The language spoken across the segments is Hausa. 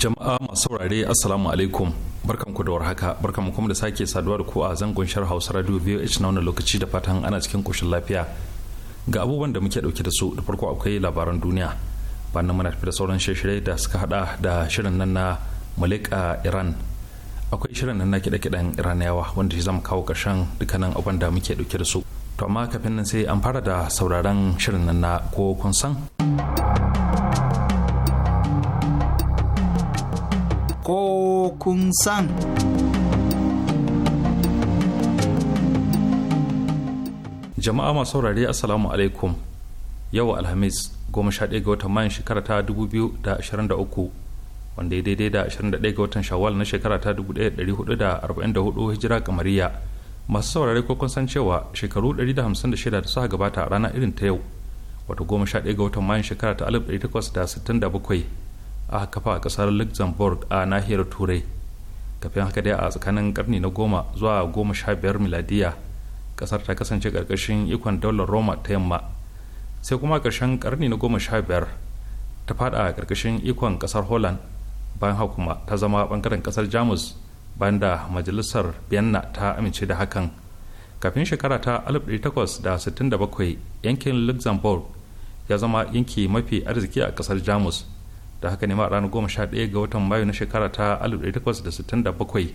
jama'a masu saurare assalamu alaikum barkan ku da warhaka barkan mu kuma da sake saduwa da ku a zangon shar hausa radio vh na wani lokaci da fatan ana cikin koshin lafiya ga abubuwan da muke dauke da su da farko akwai labaran duniya bayan muna tafi da sauran shirye da suka hada da shirin nan na malika iran akwai shirin nan na kidakidan kiɗen iraniyawa wanda shi zama kawo ƙarshen dukkanin abin da muke dauke da su to amma kafin nan sai an fara da sauraron shirin nan na ko kun san kun san. Jama'a masu saurare Assalamu alaikum. Yau Alhamis goma sha ɗaya ga watan mayan shekara ta dubu biyu da ashirin da uku wanda ya daidai da ashirin da ɗaya ga watan shawwal na shekara ta dubu ɗaya ɗari hudu da arba'in da hudu hijira kamariya masu saurare ko kun san cewa shekaru ɗari da hamsin da shida da suka gabata a rana irin ta yau wata goma sha ɗaya ga watan mayan shekara ta alif ɗari takwas da sittin da bakwai a kafa a kasar luxembourg a nahiyar turai kafin haka dai a tsakanin karni na goma zuwa goma sha biyar miladiya kasar ta kasance karkashin ikon daular roma ta yamma sai kuma karshen karni na goma sha biyar ta fada a karkashin ikon kasar holland bayan haka kuma ta zama bangaren kasar jamus bayan da majalisar vienna ta amince da hakan kafin shekara ta 1867 yankin luxembourg ya zama yanki mafi arziki a kasar jamus da haka ne ma a ranar ɗaya ga watan mayu na shekara ta 1867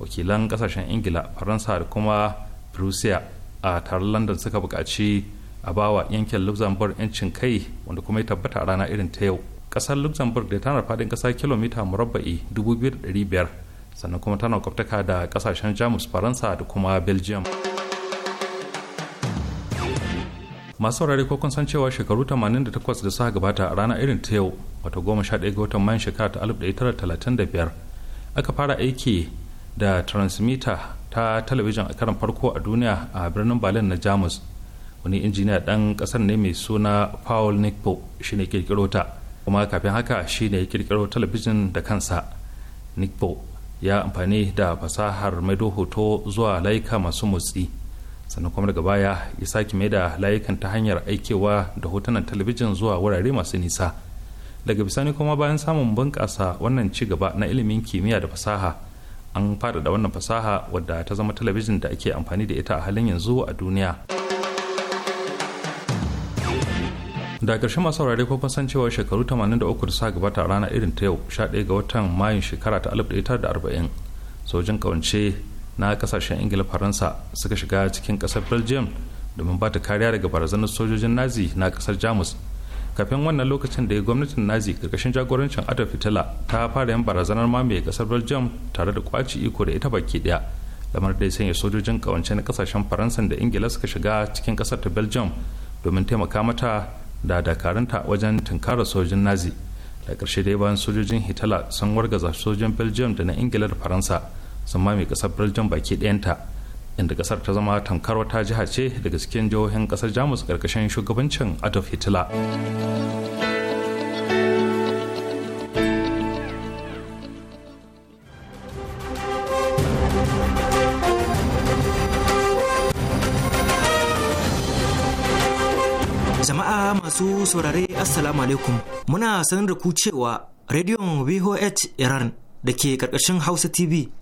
wakilan kasashen ingila faransa da kuma prussia a taron london suka buƙaci a bawa yankin luxembourg 'yancin kai wanda kuma ya tabbata a rana irin ta yau ƙasar luxembourg da tana faɗin ƙasa kilomita murabba'i 2,500 sannan kuma tana kwaftaka da ƙasashen jamus faransa da kuma belgium masu saurari ko kun san cewa shekaru 88 da suka gabata a ranar irin ta yau wata 11 ga watan mayan shekara ta 1935 aka fara aiki da transmitter ta talabijin a karan farko a duniya a birnin berlin na jamus wani injiniya ɗan ƙasar ne mai suna paul nickpo shi ne kirkiro ta kuma kafin haka shi ne kirkiro talabijin da kansa nickpo ya amfani da fasahar maido hoto zuwa laika masu motsi sannan kuma daga baya ya sake mai da layukan ta hanyar aikewa da hotunan talabijin zuwa wurare masu nisa daga bisani kuma bayan samun bunƙasa wannan ci gaba na ilimin kimiyya da fasaha an faɗaɗa wannan fasaha wadda ta zama talabijin da ake amfani da ita a halin yanzu a duniya da ƙarshen masu saurare ko kusan cewa shekaru 83 da sa gabata a rana irin ta yau 11 ga watan mayun shekara ta 1940 sojin kawance na kasashen ingila faransa suka shiga cikin kasar belgium domin ba ta kariya daga barazanar sojojin nazi na kasar jamus kafin wannan lokacin da gwamnatin nazi karkashin jagorancin adolf hitler ta fara yan barazanar mamaye kasar belgium tare da kwaci iko da ita baki daya lamar da ya sanya sojojin kawance na kasashen faransa da ingila suka shiga cikin kasar ta belgium domin taimaka mata da dakarunta wajen tunkara sojojin nazi da karshe dai bayan sojojin hitler sun wargaza sojojin belgium da na ingila da faransa sun mame kasar belgium baki ɗayanta inda kasar ta zama tamkar wata jiha ce daga cikin jihohin kasar jamus karkashin shugabancin adolf hitler jama'a masu saurare assalamu alaikum muna sanar da ku cewa rediyon voh iran da ke karkashin hausa tv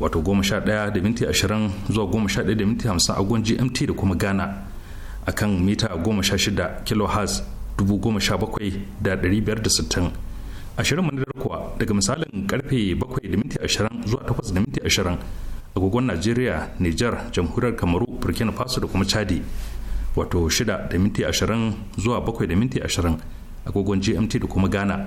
wato 11 da minti ashirin zuwa 11 da minti agon gmt da kuma ghana a kan mita 16 kilohertz 17,560 ashirin manadar kuwa daga misalin karfe bakwai da minti ashirin zuwa takwas da minti ashirin agogon najeriya niger jamhuriyar kamaru burkina faso da kuma chadi wato shida da minti ashirin zuwa bakwai da minti ashirin agogon gmt da kuma ghana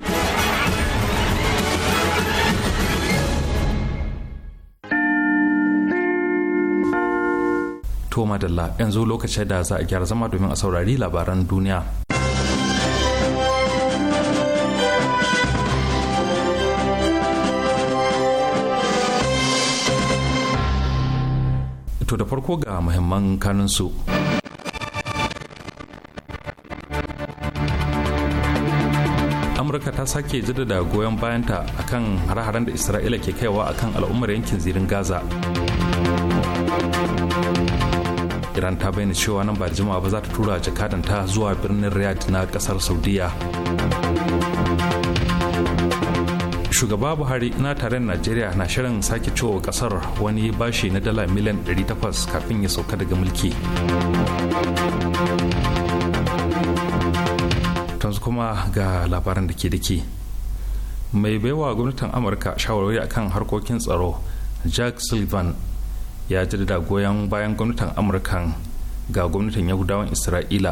to madalla yanzu lokacin da za a gyara zama domin a saurari labaran duniya to da farko ga muhimman kanunsu amurka ta sake jaddada goyon bayanta akan hare-haren da isra'ila ke kaiwa akan al'ummar yankin zirin gaza iran ta bayyana cewa nan ba da jimawa ba za ta tura jakadanta zuwa birnin riyadh na kasar saudiya shugaba buhari na taron najeriya na shirin sake cewa kasar wani bashi na dala miliyan 800 kafin ya sauka daga mulki tanzu kuma ga labaran da ke dake mai baiwa gwamnatin amurka shawarwari akan harkokin tsaro jack sullivan ya da goyon bayan gwamnatin amurka ga gwamnatin yahudawan isra'ila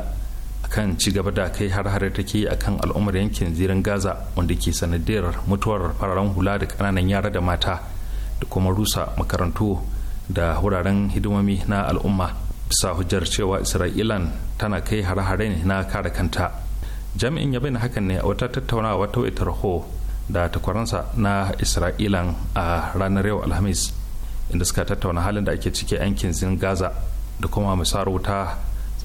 kan ci gaba da kai har hare take a kan al'ummar yankin zirin gaza wanda ke sanadiyar mutuwar fararen hula da kananan yara da mata da kuma rusa makarantu da wuraren hidimomi na al'umma bisa hujjar cewa isra'ilan tana kai har hare na kare kanta jami'in ya bayyana hakan ne a wata tattaunawa ta waitar ho da takwaransa na isra'ilan a ranar yau alhamis inda suka tattauna halin da ake ciki yankin zin gaza da kuma musar wuta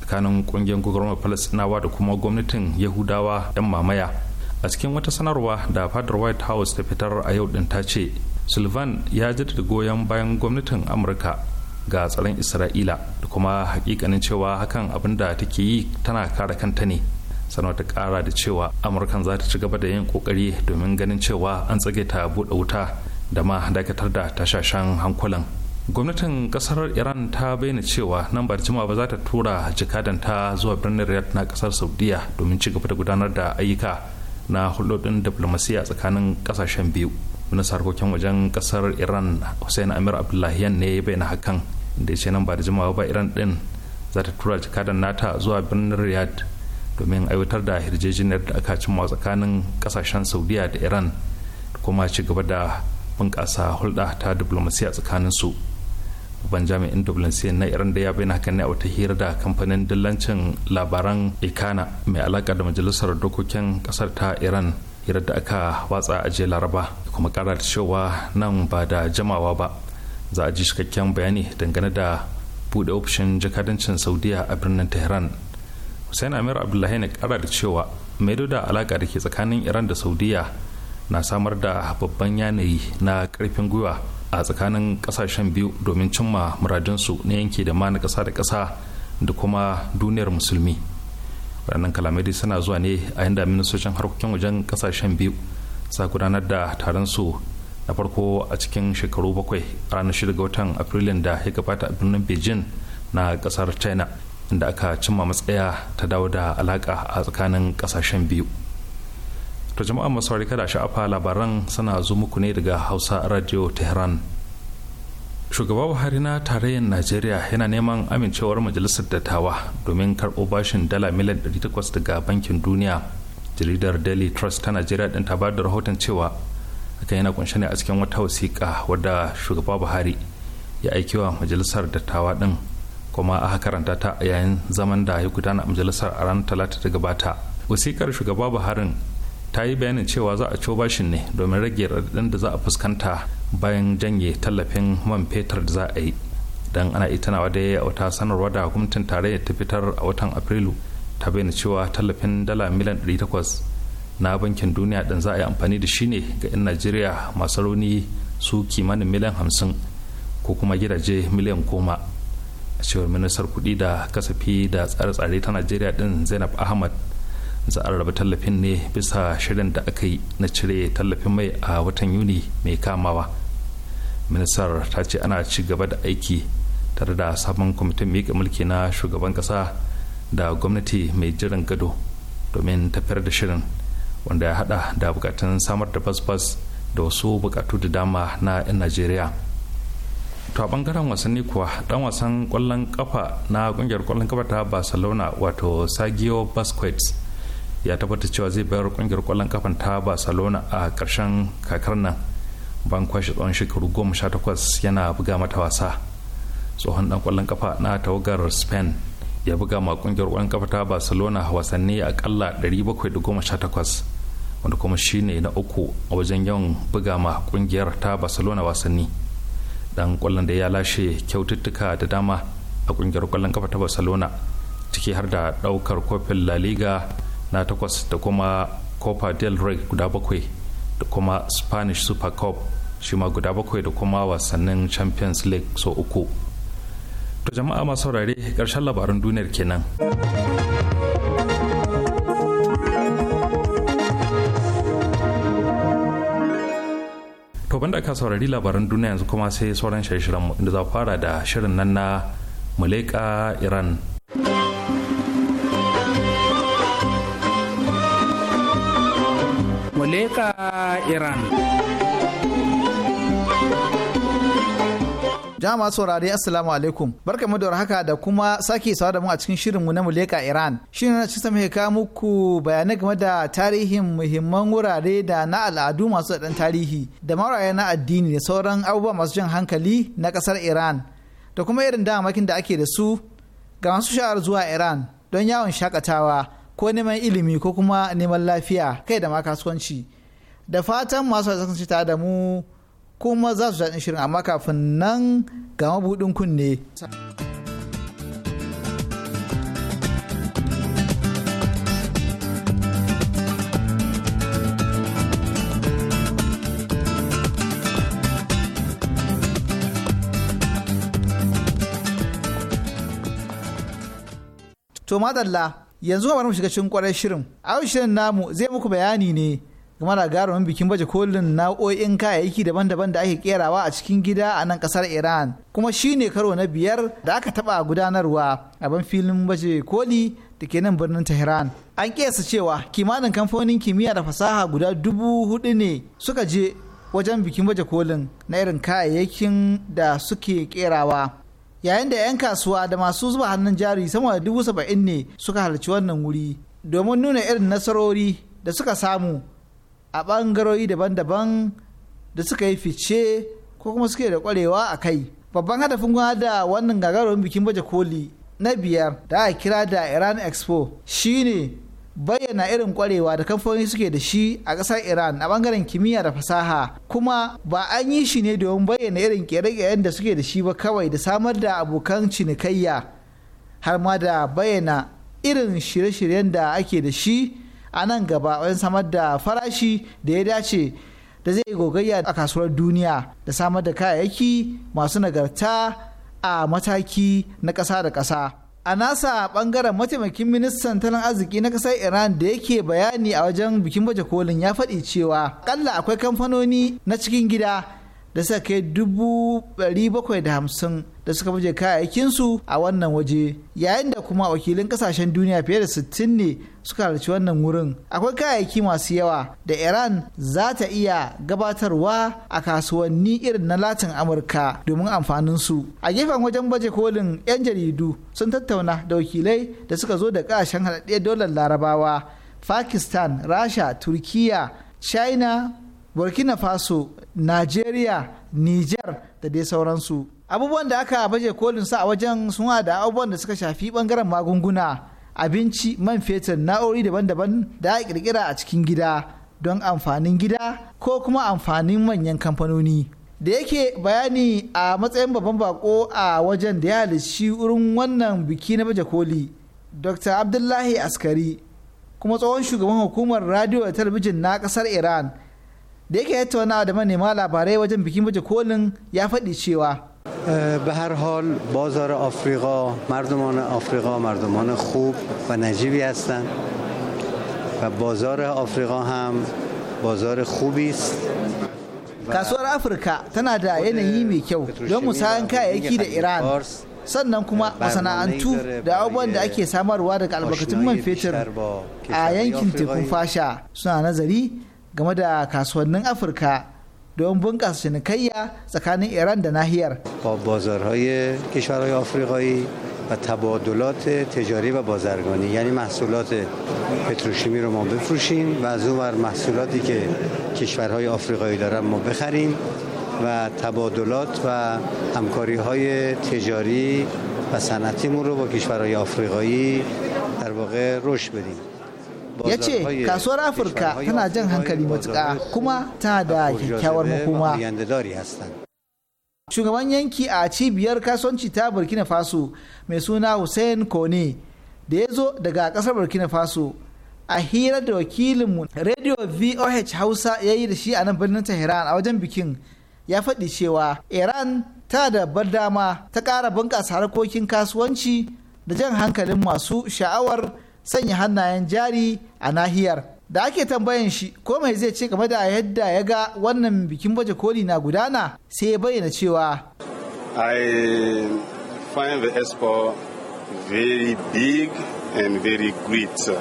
tsakanin kungiyar gwagwarmar falastinawa da kuma gwamnatin yahudawa 'yan mamaya a cikin wata sanarwa da fadar white house ta fitar a yau din ta ce sylvan ya ji da goyon bayan gwamnatin amurka ga tsaron isra'ila da kuma hakikanin cewa hakan abin da take yi tana kare kanta ne sanar ta kara da cewa amurkan za ta ci gaba da yin kokari domin ganin cewa an tsage ta buɗe wuta da ma dakatar da tashashen hankulan gwamnatin kasar iran ta bayyana cewa nan ba jima ba za ta tura ta zuwa birnin riyadh na kasar saudiya domin ci gaba da gudanar da ayyuka na hulɗoɗin diplomasiya tsakanin kasashen biyu ministan harkokin wajen kasar iran hussein amir yan ne ya bayyana hakan da ya ce nan ba da jimawa ba iran din za ta tura jikadan nata zuwa birnin riyadh domin aiwatar da hirjejiniyar da aka cimma tsakanin kasashen saudiya da iran kuma ci gaba da bunƙasa hulɗa ta diplomasiya tsakanin su babban jami'in diplomasiya na iran da ya bayyana hakan ne a wata hira da kamfanin dillancin labaran ikana mai alaƙa da majalisar dokokin ƙasar ta iran hira da aka watsa a jiya laraba kuma ƙara da cewa nan ba da jamawa ba za a ji cikakken bayani dangane da buɗe ofishin jakadancin saudiya a birnin tehran hussein amir abdullahi na ƙara da cewa mai da alaƙa da ke tsakanin iran da saudiya na samar da babban yanayi na karfin gwiwa a tsakanin kasashen biyu domin cimma muradinsu na yanke da ma na ƙasa da ƙasa da kuma duniyar musulmi waɗannan kalamai suna zuwa ne a yanda ministocin harkokin wajen ƙasashen biyu sa gudanar da taron su na farko a cikin shekaru bakwai ranar shida ga watan afrilun da ya gabata a birnin beijing na ƙasar china inda aka cimma matsaya ta dawo da alaƙa a tsakanin ƙasashen biyu to jama'a masu saurari kada sha'afa labaran suna zo muku ne daga hausa radio tehran shugaba buhari na tarayyar najeriya yana neman amincewar majalisar dattawa domin karɓo bashin dala miliyan 800 daga bankin duniya jaridar daily trust ta najeriya ɗin ta da rahoton cewa hakan yana kunshe ne a cikin wata wasiƙa wadda shugaba buhari ya aiki wa majalisar dattawa ɗin kuma aka karanta ta yayin zaman da ya gudana majalisar a ranar talata ta gabata wasikar shugaba buharin ta yi bayanin cewa za a coba shi ne domin rage raɗaɗin da za a fuskanta bayan janye tallafin man fetur da za a yi don ana ita wa da a wata sanarwa da gwamnatin tarayyar ta fitar a watan afrilu ta bayyana cewa tallafin dala miliyan 800 na bankin duniya ɗin za a yi amfani da shi ne ga 'yan najeriya masu rauni su kimanin miliyan 50 ko kuma gidaje miliyan 10 a cewar ministar kuɗi da kasafi da tsare-tsare ta najeriya ɗin zainab ahmad za a raba tallafin ne bisa shirin da aka yi na cire tallafin mai a watan yuni mai kamawa ministar ta ce ana ci gaba da aiki tare da sabon kwamitin miƙa mulki na shugaban ƙasa da gwamnati mai jiran gado domin tafiyar da shirin wanda ya hada da bukatun samar da bas da wasu bukatu da dama na 'yan najeriya to a bangaren wasanni kuwa dan wasan kwallon kafa na kungiyar kwallon kafa ta barcelona wato sagio basquets ya tabbata cewa zai bayar kungiyar kwallon kafan ta barcelona a karshen kakar nan ban kwashe tsawon shekaru goma sha takwas yana buga mata wasa tsohon dan kwallon kafa na tawagar spain ya buga ma kungiyar kwallon kafa ta barcelona wasanni akalla 718 wanda kuma shine na uku a wajen yawan buga ma kungiyar ta barcelona wasanni dan kwallon da ya lashe kyaututtuka da dama a kungiyar kwallon kafa ta barcelona ciki har da daukar kofin la liga na takwas da kuma copa del rey guda bakwai da kuma spanish super cup shi ma guda bakwai da kuma wasannin champions league so uku to jama'a masu saurare karshen labaran duniyar kenan to banda aka saurari labaran duniya yanzu kuma sai sauran shirye-shiryenmu za fara da shirin nan na muleka iran Amurka iran jama'a saurari assalamu alaikum barka mu da haka da kuma sake sawa da mu a cikin shirinmu na muleka iran shirin na cikin mai kawo muku bayanai game da tarihin muhimman wurare da na al'adu masu da tarihi da maraya na addini da sauran abubuwa masu jan hankali na kasar iran da kuma irin damakin da ake da su ga masu sha'ar zuwa iran don yawon shakatawa ko neman ilimi ko kuma neman lafiya kai da ma kasuwanci da fatan masu sun ci da mu kuma za su daɗin shirin amma kafin nan ga mabuɗin kunne. To madalla yanzu kamar mu shiga cikin kwarar shirin, a shirin namu zai muku bayani ne kuma da garamin bikin baje kolin nau'o'in kayayyaki daban-daban da ake kerawa a cikin gida a nan kasar iran kuma shine karo na biyar da aka taba gudanarwa a ban filin baje koli da ke nan birnin tehran an kesa cewa kimanin kamfanin kimiyya da fasaha guda dubu hudu ne suka je wajen bikin baje kolin na irin kayayyakin da suke kerawa yayin da 'yan kasuwa da masu zuba hannun jari sama da dubu saba'in ne suka halarci wannan wuri domin nuna irin nasarori da suka samu a ɓangarori daban-daban da suka yi fice ko kuma suke da kwarewa a kai babban hadafin gwamna da wannan gagarumin bikin baje koli na biyar da aka kira da iran expo shine bayyana irin kwarewa da kamfanoni suke da shi a ƙasar iran a bangaren kimiyya da fasaha kuma ba an yi shi ne domin bayyana irin kere-keren da suke da shi ba kawai da samar da abokan cinikayya har ma da bayyana irin shirye-shiryen da ake da shi a nan gaba wajen samar da farashi da ya dace da zai yi gogayya a kasuwar duniya da samar da kayayyaki masu nagarta a mataki na ƙasa da ƙasa. a nasa ɓangaren mataimakin ministan talan arziki na ƙasar iran da yake bayani a wajen bikin baje kolin ya faɗi cewa Kalla akwai kamfanoni na cikin gida da suka kai dubu ɗari bakwai da hamsin da suka baje kayayyakinsu a wannan waje yayin da kuma wakilin kasashen duniya fiye da sittin ne suka halarci wannan wurin akwai kayayyaki masu yawa da iran za ta iya gabatarwa a kasuwanni irin na latin amurka domin amfaninsu a gefen wajen baje kolin 'yan jaridu sun tattauna da wakilai da suka zo da kasashen haɗaɗɗiyar dolar larabawa pakistan rasha turkiya china burkina faso nigeria niger da dai sauransu abubuwan da aka baje kolin sa a wajen sun da abubuwan da suka shafi bangaren magunguna abinci man fetur na'urori daban-daban da aka kirkira a cikin gida don amfanin gida ko kuma amfanin manyan kamfanoni da yake bayani a matsayin babban bako a wajen da ya halarci wurin wannan biki na baje koli dr abdullahi askari kuma tsohon shugaban hukumar radio da talabijin na kasar iran da yake ya tattauna da manema labarai wajen bikin baje kolin ya faɗi cewa eh, به هر حال بازار آفریقا مردمان آفریقا مردمان خوب و نجیبی هستند و بازار آفریقا هم بازار خوبی است kasuwar afirka tana da yanayi mai kyau don musayan kayayyaki da iran sannan kuma masana'antu da abubuwan da ake samarwa daga albarkatun man fetur a yankin tekun fasha suna nazari game da kasuwannin afirka don bunƙasa cinikayya tsakanin iran da nahiyar با بازارهای کشورهای آفریقایی و تبادلات تجاری و بازرگانی یعنی محصولات پتروشیمی رو ما بفروشیم و از اون ور محصولاتی که کشورهای آفریقایی دارن ما بخریم و تبادلات و همکاری های تجاری و صنعتیمون رو با کشورهای آفریقایی در واقع رشد بدیم ya ce kasuwar afirka tana jan hankali matuka kuma tana da kyakkyawar makoma shugaban yanki a cibiyar kasuwanci ta burkina faso mai suna hussein kone da ya zo daga ƙasar burkina faso a hira da wakilinmu radio voh hausa ya yi da shi a nan birnin tehran a wajen bikin ya faɗi cewa iran ta da bar dama ta ƙara bunƙasa harkokin kasuwanci da jan hankalin masu sha'awar sanya hannayen jari a nahiyar da ake tambayan shi ko mai zai ce game da yadda ya ga wannan bikin baje koli na gudana sai ya bayyana cewa i find the expo very big and very great uh,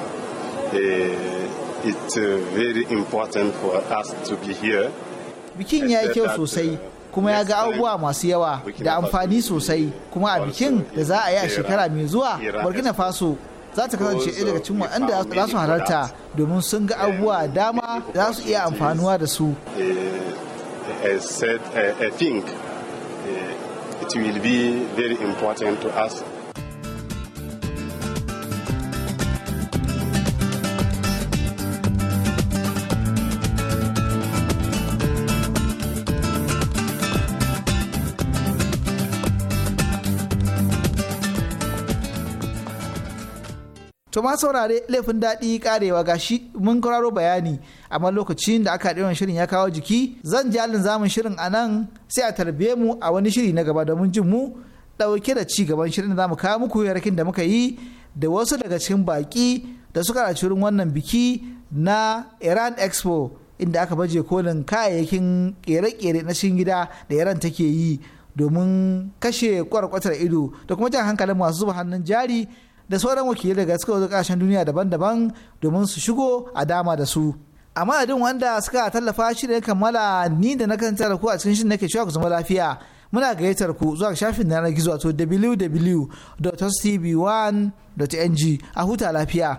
it's uh, very important for us to be here bikin ya yi kyau sosai uh, kuma ya ga abubuwa masu yawa da amfani sosai kuma a bikin da za a yi a shekara mai zuwa burkina faso za ta kasance ɗaya daga cikin waɗanda za su halarta domin sun ga abubuwa dama za su iya amfanuwa da su. Eh, eh, eh, I think it will be very important to ask. ma saurare laifin daɗi karewa ga shi mun kwararo bayani amma lokacin da aka ɗiran shirin ya kawo jiki zan ji alin zamun shirin a nan sai a tarbe mu a wani shiri na gaba domin jin mu ɗauke da ci gaban shirin da zamu kawo muku yarakin da muka yi da wasu daga cikin baƙi da suka raci wurin wannan biki na Iran Expo inda aka baje kolin kayayyakin kere-kere na cikin gida da Iran take yi domin kashe kwarkwatar ido da kuma jan hankalin masu zuba hannun jari da sauran wakilai daga suka zo kasashen duniya daban-daban domin su shigo a dama da su a madadin wanda suka tallafa shi da kammala ni da na kanta da ku a cikin shi nake cewa ku zama lafiya muna gayyatar ku zuwa shafin na gizo wato www.tv1.ng a huta lafiya.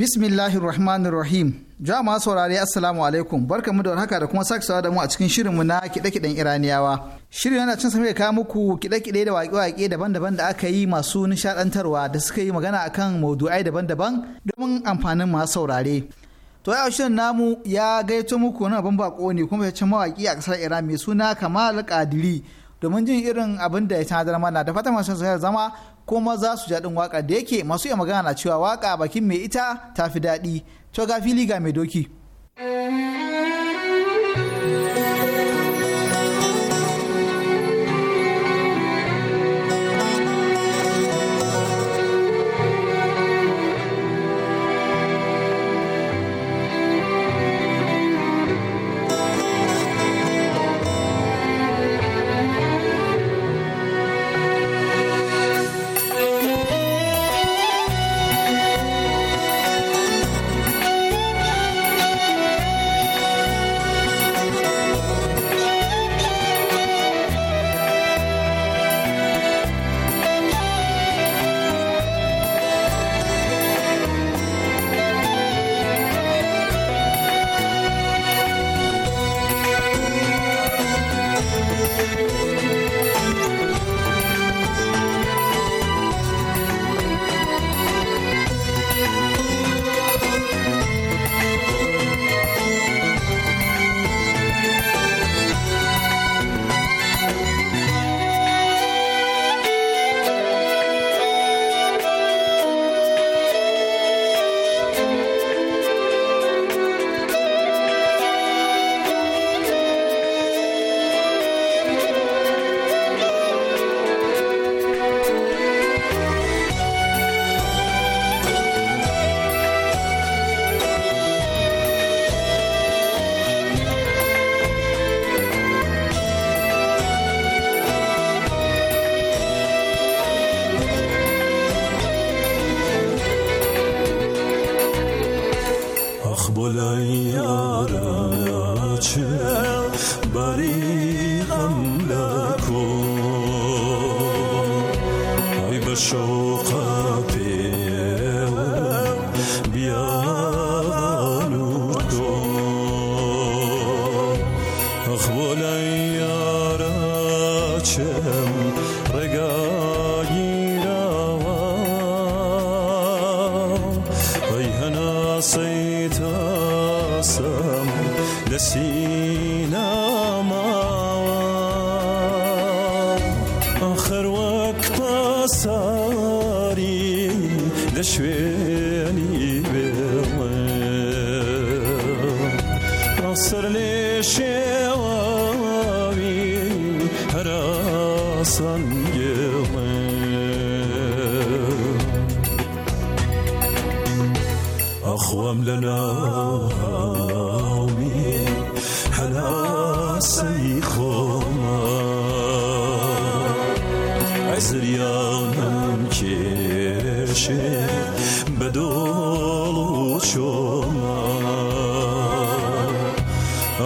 Bismillahirrahmanirrahim. Jama'a saurare Assalamu alaikum. Barkamu da warhaka da kuma sake sawa da mu a cikin mu na kiɗe-kiɗen Iraniyawa. Shirin yana cin sami kawo muku kiɗe-kiɗe da waƙe-waƙe daban-daban da aka yi masu nishaɗantarwa da suka yi magana akan maudu'ai daban-daban domin amfanin masu saurare. To yau shirin namu ya gaito muku na babban bako ne kuma ya ci mawaƙi a ƙasar Iran mai suna Kamal Kadiri domin jin irin abin da ya tanadar mana da fatan masu zama kuma za su jaɗin waka da yake masu iya magana na cewa waka bakin mai ita ta fi daɗi to ga fili ga mai doki. یارا چم رگا لنا آمين حنا سيخوما عزريانم كشه بدولو چوما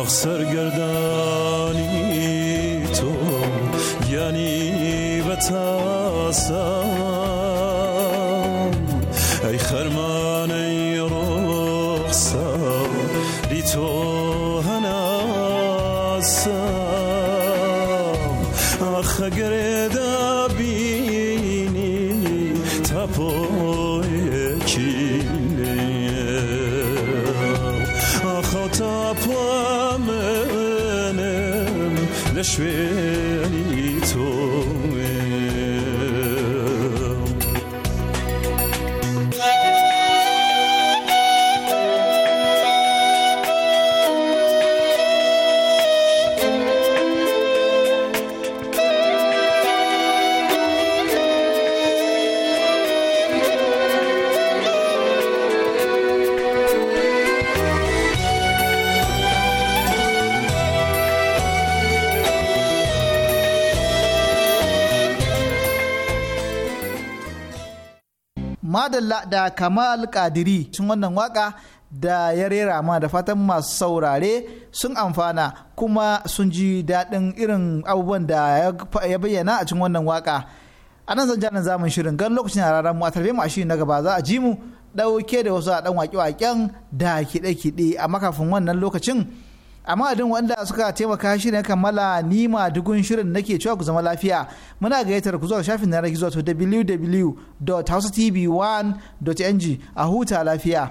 اخسر گردانی تو یعنی بتاسم ای خرمان madalla da kamal kadiri cikin wannan waka da ya rera ma da fatan masu saurare sun amfana kuma sun ji daɗin irin abubuwan da ya bayyana a cikin wannan waka a nan zan janin zamun shirin gan lokacin a ranar mu a tarbe mu na gaba za a ji mu ɗauke da wasu a ɗan waƙe-waƙen da kiɗe-kiɗe a makafin wannan lokacin amma adin wanda suka taimaka shi ne kammala nima dugun shirin nake cewa ku zama lafiya muna gayyatar ku zuwa shafin na gizo to www.housetv1.ng a huta lafiya.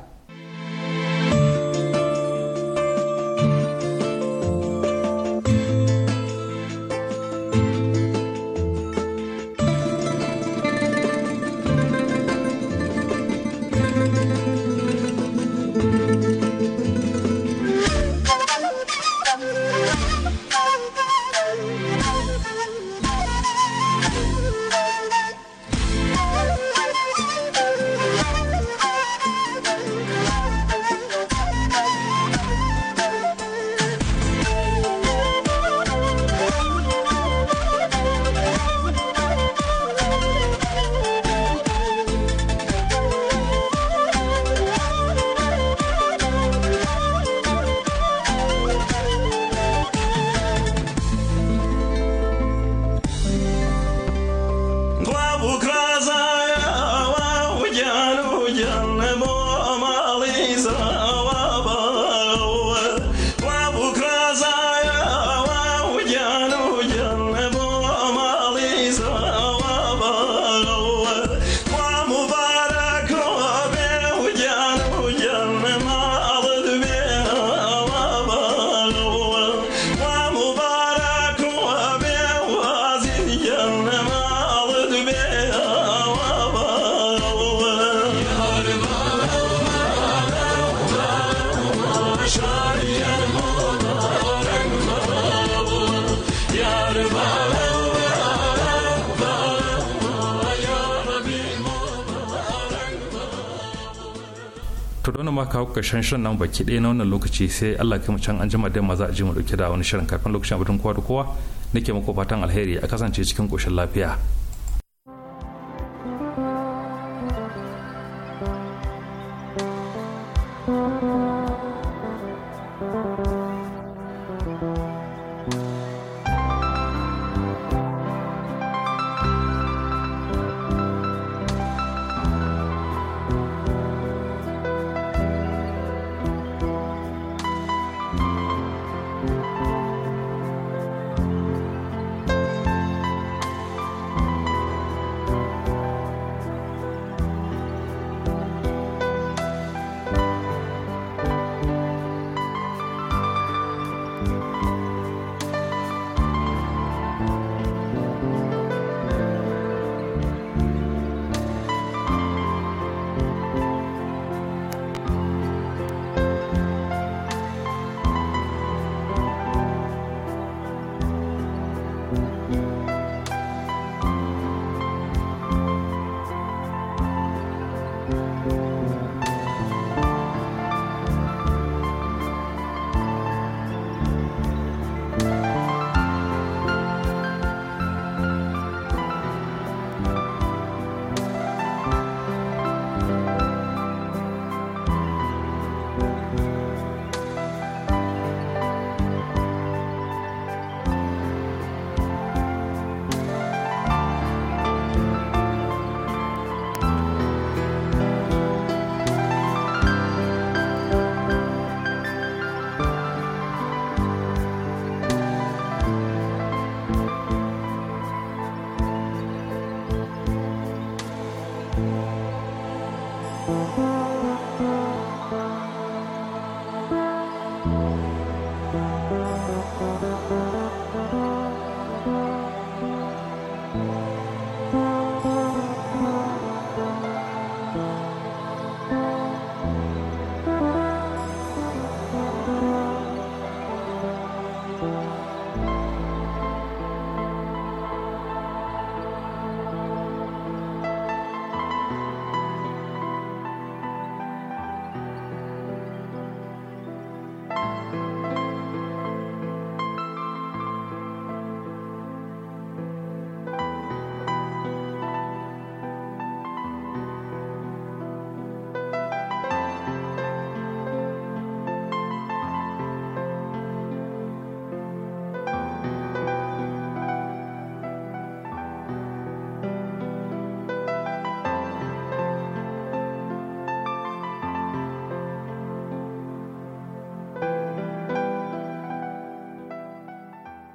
kawo karshen shirin nan baki ɗaya na wannan lokaci sai Allah kai mu can an jima da maza a ji mu dauke da wani shirin kafin lokacin abin kowa da kowa nake muku fatan alheri a kasance cikin koshin lafiya you